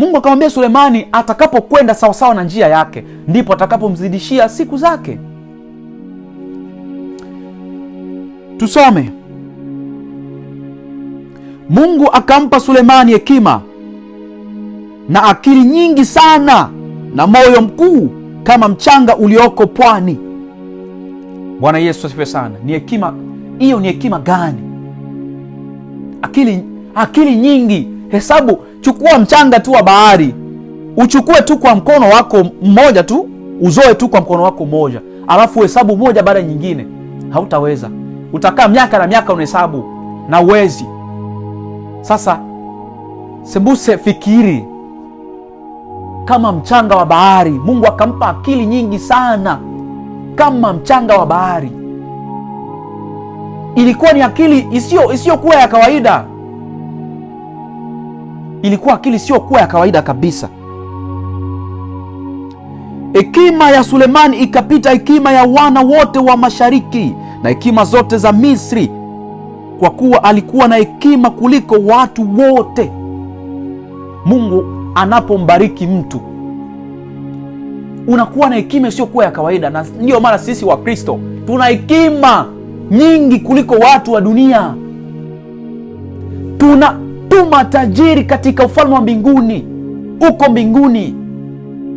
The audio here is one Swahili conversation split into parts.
Mungu akamwambia Sulemani atakapokwenda sawasawa na njia yake ndipo atakapomzidishia siku zake. Tusome. Mungu akampa Sulemani hekima na akili nyingi sana na moyo mkuu kama mchanga ulioko pwani. Bwana Yesu asifiwe sana. Ni hekima hiyo, ni hekima gani? Akili, akili nyingi hesabu, chukua mchanga tu wa bahari, uchukue tu kwa mkono wako mmoja tu, uzoe tu kwa mkono wako mmoja, alafu hesabu moja baada nyingine. Hautaweza, utakaa miaka na miaka unahesabu na uwezi. Sasa sembuse, fikiri kama mchanga wa bahari. Mungu akampa akili nyingi sana, kama mchanga wa bahari. Ilikuwa ni akili isiyokuwa ya kawaida ilikuwa akili sio kuwa ya kawaida kabisa. Hekima ya Sulemani ikapita hekima ya wana wote wa mashariki na hekima zote za Misri, kwa kuwa alikuwa na hekima kuliko watu wote. Mungu anapombariki mtu unakuwa na hekima isiyokuwa ya kawaida, na ndiyo maana sisi Wakristo tuna hekima nyingi kuliko watu wa dunia tuna kutuma tajiri katika ufalme wa mbinguni, uko mbinguni.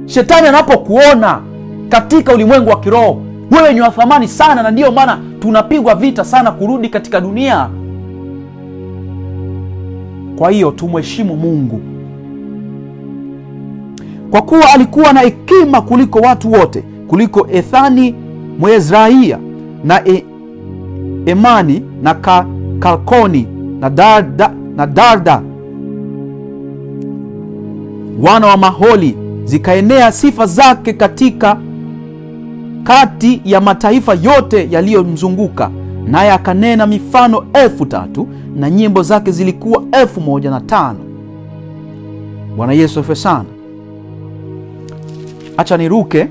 Shetani anapokuona katika ulimwengu wa kiroho, wewe ni wathamani thamani sana, na ndiyo maana tunapigwa vita sana kurudi katika dunia. Kwa hiyo tumheshimu Mungu kwa kuwa alikuwa na hekima kuliko watu wote, kuliko Ethani mwezrahia na e, Emani na ka, Kalkoni na da, da, na Darda wana wa Maholi, zikaenea sifa zake katika kati ya mataifa yote yaliyomzunguka, naye akanena mifano elfu tatu na nyimbo zake zilikuwa elfu moja na tano. Bwana Yesu afe sana. Acha niruke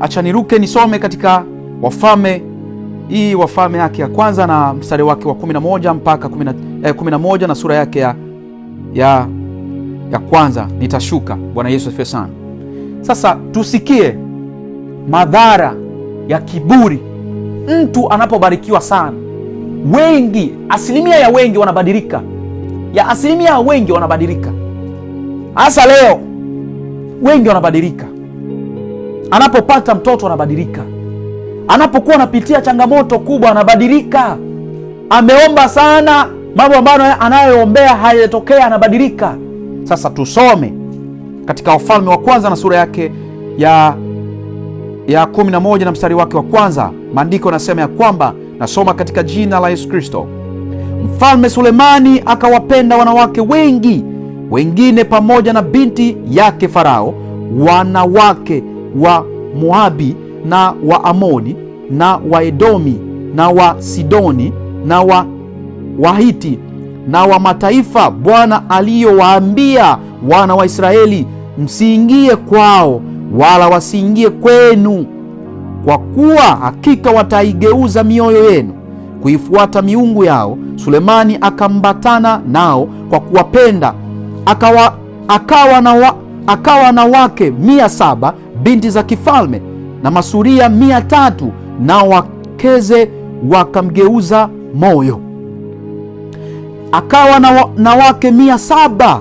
acha niruke nisome katika Wafalme hii Wafalme yake ya kwanza na mstari wake wa 11 mpaka 11 eh, na sura yake ya, ya, ya kwanza. Nitashuka. Bwana Yesu asifiwe sana. Sasa tusikie madhara ya kiburi mtu anapobarikiwa sana. Wengi, asilimia ya wengi wanabadilika, ya asilimia ya wengi wanabadilika, hasa leo wengi wanabadilika, anapopata mtoto anabadilika anapokuwa anapitia changamoto kubwa anabadilika. Ameomba sana, mambo ambayo anayoombea hayatokea, anabadilika. Sasa tusome katika ufalme wa kwanza na sura yake ya ya 11 na mstari wake wa kwanza. Maandiko yanasema ya kwamba, nasoma katika jina la Yesu Kristo, Mfalme Sulemani akawapenda wanawake wengi wengine pamoja na binti yake Farao, wanawake wa Moabi na wa amoni na Waedomi na wa sidoni na wa Wahiti na wa mataifa Bwana aliyowaambia wana wa Israeli, msiingie kwao wala wasiingie kwenu, kwa kuwa hakika wataigeuza mioyo yenu kuifuata miungu yao. Sulemani akambatana nao kwa kuwapenda, akawa, akawa na, wa, akawa na wake mia saba binti za kifalme na masuria mia tatu na wakeze wakamgeuza moyo. Akawa na, na wake mia saba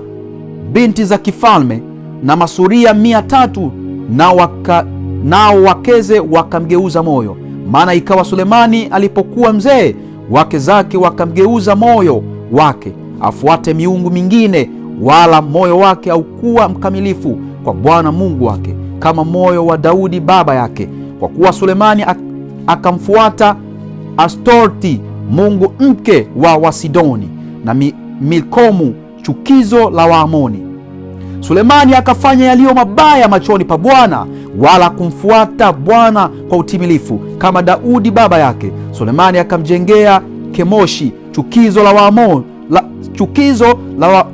binti za kifalme na masuria mia tatu nao waka, na wakeze wakamgeuza moyo. Maana ikawa Sulemani alipokuwa mzee, wake zake wakamgeuza moyo wake afuate miungu mingine, wala moyo wake haukuwa mkamilifu kwa Bwana Mungu wake kama moyo wa Daudi baba yake, kwa kuwa Sulemani akamfuata Astorti mungu mke wa Wasidoni na Milkomu chukizo la Waamoni. Sulemani akafanya yaliyo mabaya machoni pa Bwana, wala kumfuata Bwana kwa utimilifu kama Daudi baba yake. Sulemani akamjengea Kemoshi chukizo la Waamoni, la, chukizo la,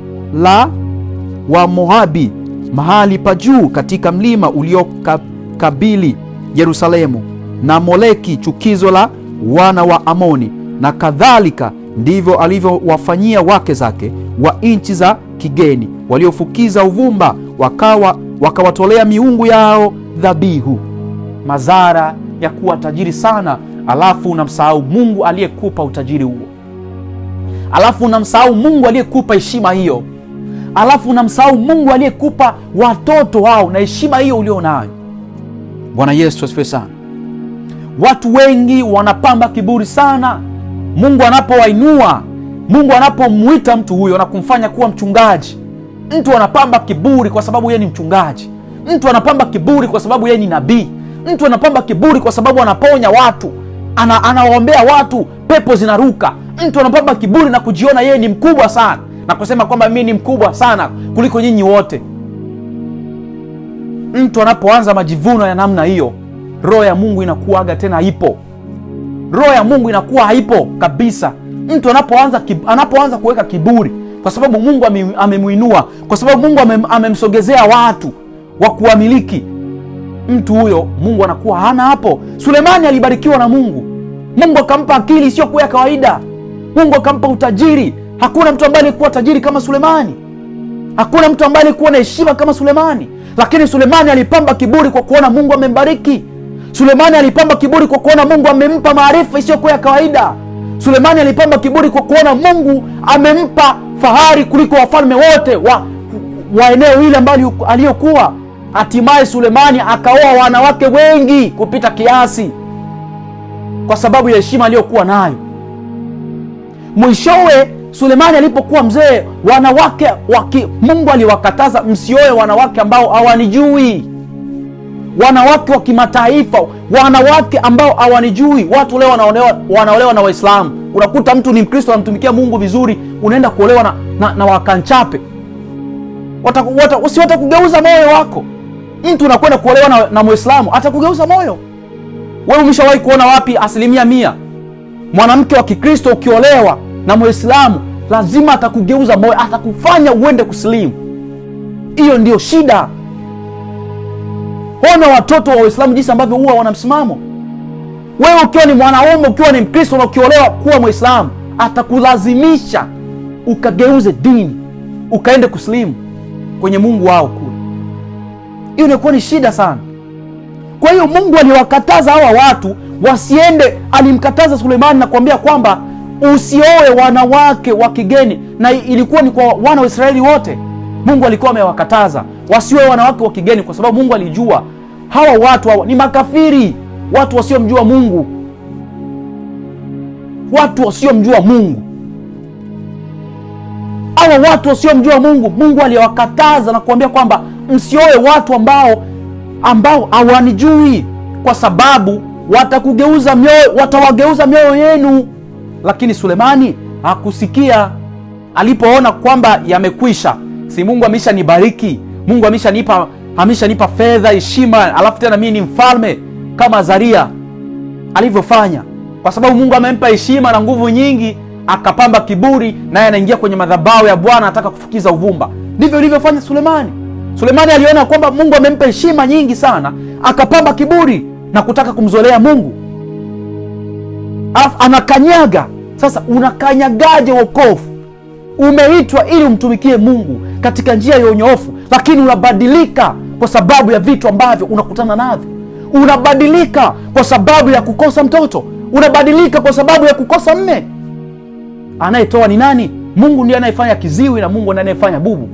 wa, Moabi mahali pa juu katika mlima uliokabili Yerusalemu, na Moleki chukizo la wana wa Amoni, na kadhalika ndivyo alivyowafanyia wake zake wa nchi za kigeni waliofukiza uvumba, wakawa wakawatolea miungu yao dhabihu. Madhara ya kuwa tajiri sana, alafu unamsahau Mungu aliyekupa utajiri huo, alafu unamsahau Mungu aliyekupa heshima hiyo alafu unamsahau Mungu aliyekupa watoto hao na heshima hiyo ulio nayo. Bwana Yesu asifiwe sana. Watu wengi wanapamba kiburi sana. Mungu anapowainua, Mungu anapomwita mtu huyo na kumfanya kuwa mchungaji, mtu anapamba kiburi kwa sababu yeye ni mchungaji. Mtu anapamba kiburi kwa sababu yeye ni nabii. Mtu anapamba kiburi kwa sababu anaponya watu, anawaombea watu, pepo zinaruka. Mtu anapamba kiburi na kujiona yeye ni mkubwa sana na kusema kwamba mimi ni mkubwa sana kuliko nyinyi wote. Mtu anapoanza majivuno ya namna hiyo, roho ya Mungu inakuaga tena ipo, roho ya Mungu inakuwa haipo kabisa. Mtu anapoanza anapoanza kuweka kiburi, kwa sababu Mungu amemwinua, kwa sababu Mungu amemsogezea watu wa kuamiliki, mtu huyo Mungu anakuwa hana hapo. Sulemani alibarikiwa na Mungu, Mungu akampa akili isiyokuwa ya kawaida, Mungu akampa utajiri Hakuna mtu ambaye alikuwa tajiri kama Sulemani. Hakuna mtu ambaye alikuwa na heshima kama Sulemani, lakini Sulemani alipamba kiburi kwa kuona Mungu amembariki. Sulemani alipamba kiburi kwa kuona Mungu amempa maarifa isiyokuwa ya kawaida. Sulemani alipamba kiburi kwa kuona Mungu amempa fahari kuliko wafalme wote wa, wa eneo hili ambalo aliyokuwa. Hatimaye Sulemani akaoa wanawake wengi kupita kiasi kwa sababu ya heshima aliyokuwa nayo. Mwishowe Sulemani alipokuwa mzee, wanawake waki, Mungu aliwakataza msioe wanawake ambao hawanijui, wanawake wa kimataifa, wanawake ambao hawanijui. Watu leo wanaolewa, wanaolewa na Waislamu. Unakuta mtu ni Mkristo anamtumikia Mungu vizuri, unaenda kuolewa na, na, na wakanchape usiwata kugeuza moyo wako. Mtu unakwenda kuolewa na, na Mwislamu atakugeuza moyo wewe. Umeshawahi kuona wapi asilimia mia mwanamke wa Kikristo ukiolewa na Mwislamu lazima atakugeuza moyo, atakufanya uende kusilimu. Hiyo ndio shida. Ona watoto wa Waislamu jinsi ambavyo huwa wana msimamo. Wewe ukiwa ni mwanaume, ukiwa ni Mkristo na ukiolewa kuwa Mwislamu, atakulazimisha ukageuze dini, ukaende kusilimu kwenye Mungu wao kule. Hiyo inakuwa ni shida sana. Kwa hiyo Mungu aliwakataza hawa watu wasiende. Alimkataza Suleimani na kuambia kwamba usioe wanawake wa kigeni, na ilikuwa ni kwa wana wa Israeli wote. Mungu alikuwa amewakataza wasioe wanawake wa kigeni, kwa sababu Mungu alijua hawa watu hawa ni makafiri, watu wasiomjua Mungu, watu wasiomjua Mungu, hawa watu wasiomjua Mungu. Mungu aliwakataza na kuambia kwamba msioe watu ambao ambao hawanijui, kwa sababu watakugeuza mioyo, watawageuza mioyo yenu lakini Sulemani hakusikia. Alipoona kwamba yamekwisha, si Mungu amesha nibariki, Mungu ameshanipa ameshanipa fedha, heshima, alafu tena mimi ni mfalme kama Azaria alivyofanya, kwa sababu Mungu amempa heshima na nguvu nyingi, akapamba kiburi, naye anaingia kwenye madhabahu ya Bwana anataka kufukiza uvumba. Ndivyo ilivyofanya Sulemani. Sulemani aliona kwamba Mungu amempa heshima nyingi sana, akapamba kiburi na kutaka kumzolea Mungu, alafu anakanyaga sasa unakanyagaje wokovu? Umeitwa ili umtumikie Mungu katika njia ya unyoofu, lakini unabadilika kwa sababu ya vitu ambavyo unakutana navyo. Unabadilika kwa sababu ya kukosa mtoto, unabadilika kwa sababu ya kukosa mme. Anayetoa ni nani? Mungu ndiye anayefanya kiziwi na Mungu ndiye anayefanya bubu.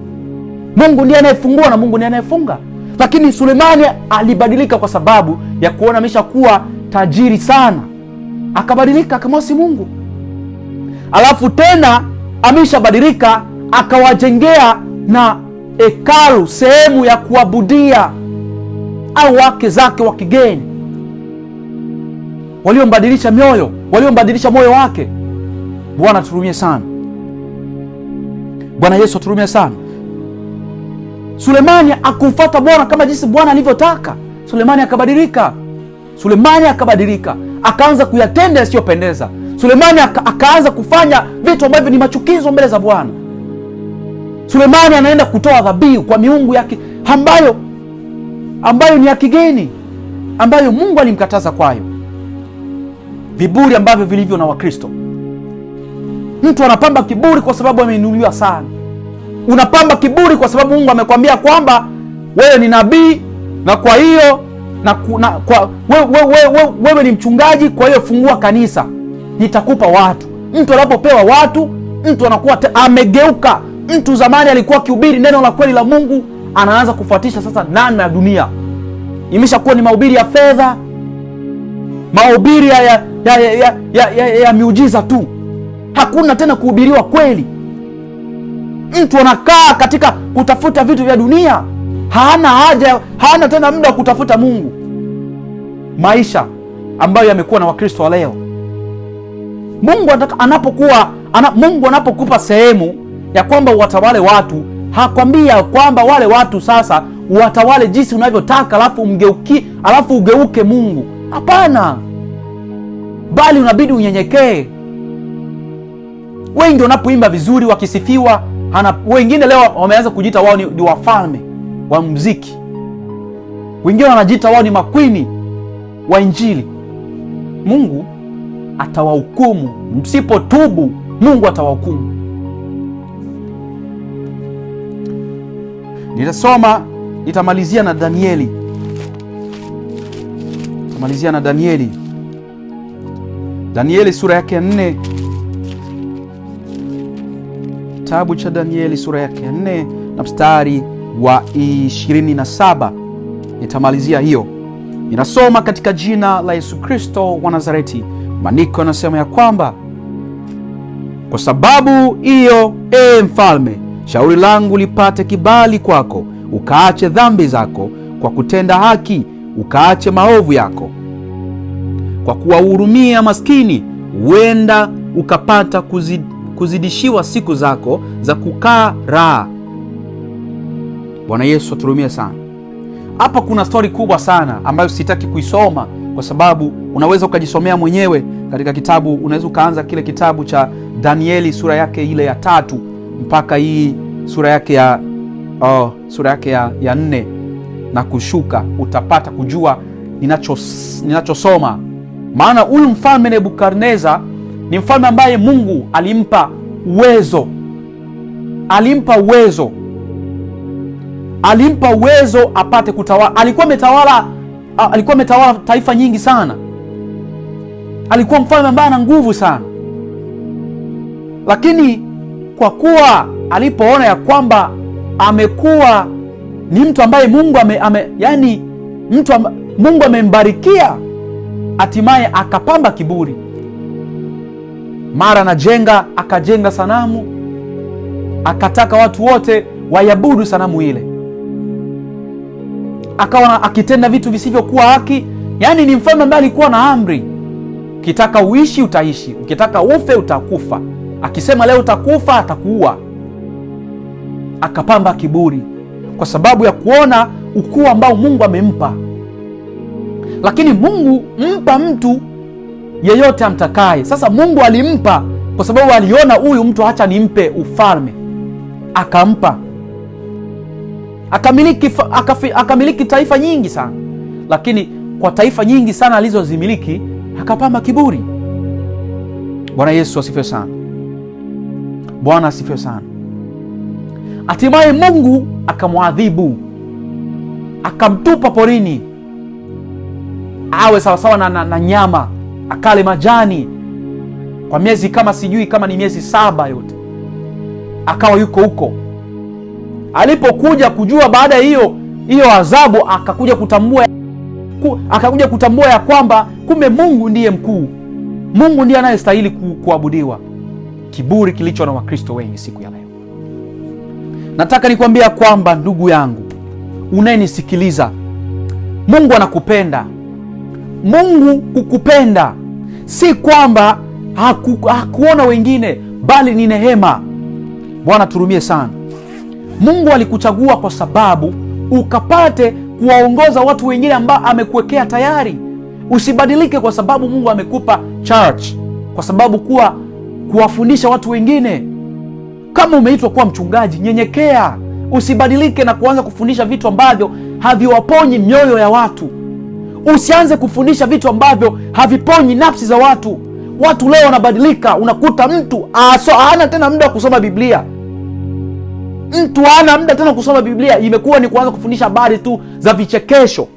Mungu ndiye anayefungua na Mungu ndiye anayefunga. Lakini Sulemani alibadilika kwa sababu ya kuona amesha kuwa tajiri sana, akabadilika akamwasi Mungu alafu tena ameshabadilika akawajengea na hekalu sehemu ya kuabudia au wake zake wa kigeni waliombadilisha mioyo waliombadilisha moyo wake. Bwana aturumie sana, Bwana Yesu aturumie sana. Sulemani akumfata Bwana kama jinsi Bwana alivyotaka. Sulemani akabadilika, Sulemani akabadilika, akaanza kuyatenda yasiyopendeza. Sulemani akaanza kufanya vitu ambavyo ni machukizo mbele za Bwana. Sulemani anaenda kutoa dhabihu kwa miungu yake ambayo ambayo ni ya kigeni ambayo Mungu alimkataza kwayo. Viburi ambavyo vilivyo na Wakristo. Mtu anapamba kiburi kwa sababu ameinuliwa sana. Unapamba kiburi kwa sababu Mungu amekwambia kwamba wewe ni nabii na kwa hiyo na, na, kwa, wewe, we, we, wewe ni mchungaji, kwa hiyo fungua kanisa nitakupa watu. Mtu anapopewa watu, mtu anakuwa amegeuka. Mtu zamani alikuwa akihubiri neno la kweli la Mungu, anaanza kufuatisha sasa nana ya dunia. Imeshakuwa ni mahubiri ya fedha, mahubiri ya, ya, ya, ya, ya, ya, ya miujiza tu, hakuna tena kuhubiriwa kweli. Mtu anakaa katika kutafuta vitu vya dunia, hana haja, hana tena muda wa kutafuta Mungu. Maisha ambayo yamekuwa na Wakristo wa leo Mungu anapokuwa ana, Mungu anapokupa sehemu ya kwamba uwatawale watu hakwambia kwamba wale watu sasa uwatawale jinsi unavyotaka alafu mgeuki, alafu ugeuke Mungu. Hapana, bali unabidi unyenyekee. Wengi wanapoimba vizuri wakisifiwa, wengine leo wameanza kujiita wao ni, ni wafalme wa muziki, wengine wanajiita wao ni makwini wa Injili. Mungu atawahukumu. Msipotubu, Mungu atawahukumu. Nitasoma, nitamalizia na Danieli, tamalizia na Danieli, Danieli sura yake ya nne, kitabu cha Danieli sura yake ya nne na mstari wa 27. Nitamalizia hiyo, inasoma katika jina la Yesu Kristo wa Nazareti Maniko anasema ya kwamba kwa sababu hiyo, e mfalme, shauri langu lipate kibali kwako, ukaache dhambi zako kwa kutenda haki, ukaache maovu yako kwa kuwahurumia maskini, huenda ukapata kuzid, kuzidishiwa siku zako za kukaa raha. Bwana Yesu aturumia sana. Hapa kuna stori kubwa sana ambayo sitaki kuisoma kwa sababu unaweza ukajisomea mwenyewe katika kitabu, unaweza ukaanza kile kitabu cha Danieli sura yake ile ya tatu mpaka hii sura yake ya oh, sura yake ya, ya nne na kushuka, utapata kujua ninachosoma ninachosoma. Maana huyu mfalme Nebukadneza ni mfalme ambaye Mungu alimpa uwezo, alimpa uwezo alimpa uwezo apate kutawala. Alikuwa ametawala, alikuwa ametawala taifa nyingi sana, alikuwa mfalme ambaye ana nguvu sana, lakini kwa kuwa alipoona ya kwamba amekuwa ni mtu ambaye Mungu ame, ame, yani mtu amba, Mungu amembarikia, hatimaye akapamba kiburi, mara anajenga, akajenga sanamu, akataka watu wote wayabudu sanamu ile akawa akitenda vitu visivyokuwa haki. Yaani ni mfalme ambaye alikuwa na amri, ukitaka uishi utaishi, ukitaka ufe utakufa, akisema leo utakufa atakuua. Akapamba kiburi kwa sababu ya kuona ukuu ambao Mungu amempa. Lakini Mungu mpa mtu yeyote amtakaye. Sasa Mungu alimpa kwa sababu aliona huyu mtu, hacha nimpe ufalme, akampa akamiliki, akamiliki taifa nyingi sana, lakini kwa taifa nyingi sana alizozimiliki akapamba kiburi. Bwana Yesu asifiwe sana. Bwana asifiwe sana. Hatimaye Mungu akamwadhibu akamtupa porini awe sawasawa na, na, na nyama akale majani kwa miezi kama sijui kama ni miezi saba yote, akawa yuko huko Alipokuja kujua baada hiyo hiyo adhabu, akakuja kutambua ku, akakuja kutambua ya kwamba kumbe Mungu ndiye mkuu, Mungu ndiye anayestahili ku, kuabudiwa. Kiburi kilicho na Wakristo wengi siku ya leo. Nataka nikwambia kwamba ndugu yangu unayenisikiliza, Mungu anakupenda. Mungu kukupenda si kwamba haku, hakuona wengine, bali ni neema. Bwana turumie sana. Mungu alikuchagua kwa sababu ukapate kuwaongoza watu wengine ambao amekuwekea tayari. Usibadilike kwa sababu Mungu amekupa church kwa sababu kuwa kuwafundisha watu wengine. Kama umeitwa kuwa mchungaji, nyenyekea, usibadilike na kuanza kufundisha vitu ambavyo haviwaponyi mioyo ya watu. Usianze kufundisha vitu ambavyo haviponyi nafsi za watu. Watu leo wanabadilika, unakuta mtu aso hana tena muda wa kusoma Biblia Mtu ana muda tena kusoma Biblia, imekuwa ni kuanza kufundisha habari tu za vichekesho,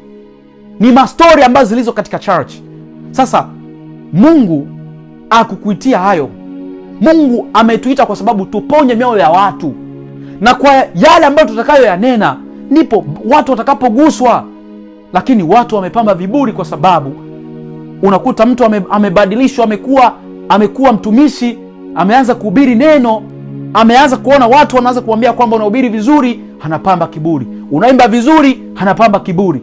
ni mastori ambazo zilizo katika church. Sasa Mungu akukuitia hayo. Mungu ametuita kwa sababu tuponye mioyo ya watu, na kwa yale ambayo tutakayo yanena ndipo watu watakapoguswa. Lakini watu wamepamba viburi, kwa sababu unakuta mtu amebadilishwa, amekuwa amekuwa mtumishi, ameanza kuhubiri neno ameanza kuona watu wanaanza kumwambia kwamba unahubiri vizuri, anapamba kiburi, unaimba vizuri, anapamba kiburi.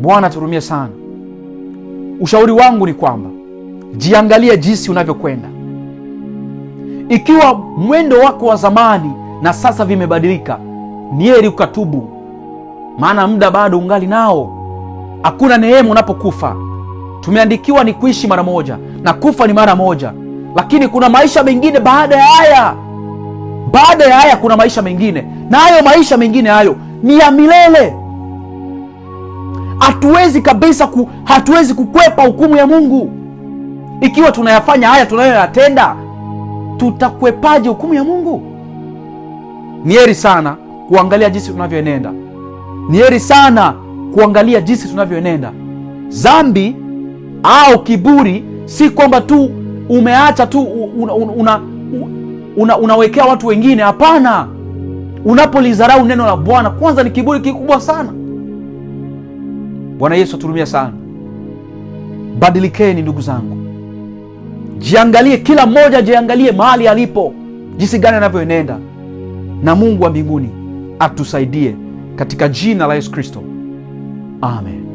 Bwana turumie sana. Ushauri wangu ni kwamba jiangalie jinsi unavyokwenda, ikiwa mwendo wako wa zamani na sasa vimebadilika, ni ukatubu, maana muda bado ungali nao. Hakuna neema unapokufa. Tumeandikiwa ni kuishi mara moja na kufa ni mara moja lakini kuna maisha mengine baada ya haya. Baada ya haya kuna maisha mengine, na hayo maisha mengine hayo ni ya milele. Hatuwezi kabisa ku, hatuwezi kukwepa hukumu ya Mungu. Ikiwa tunayafanya haya tunayoyatenda, tutakwepaje hukumu ya Mungu? Ni heri sana kuangalia jinsi tunavyoenenda, ni heri sana kuangalia jinsi tunavyoenenda. zambi au kiburi si kwamba tu umeacha tu una, una, una, unawekea watu wengine. Hapana, unapolidharau neno la Bwana kwanza ni kiburi kikubwa sana. Bwana Yesu aturumia sana. Badilikeni ndugu zangu, jiangalie, kila mmoja jiangalie mahali alipo, jinsi gani anavyoenenda, na Mungu wa mbinguni atusaidie katika jina la Yesu Kristo, amen.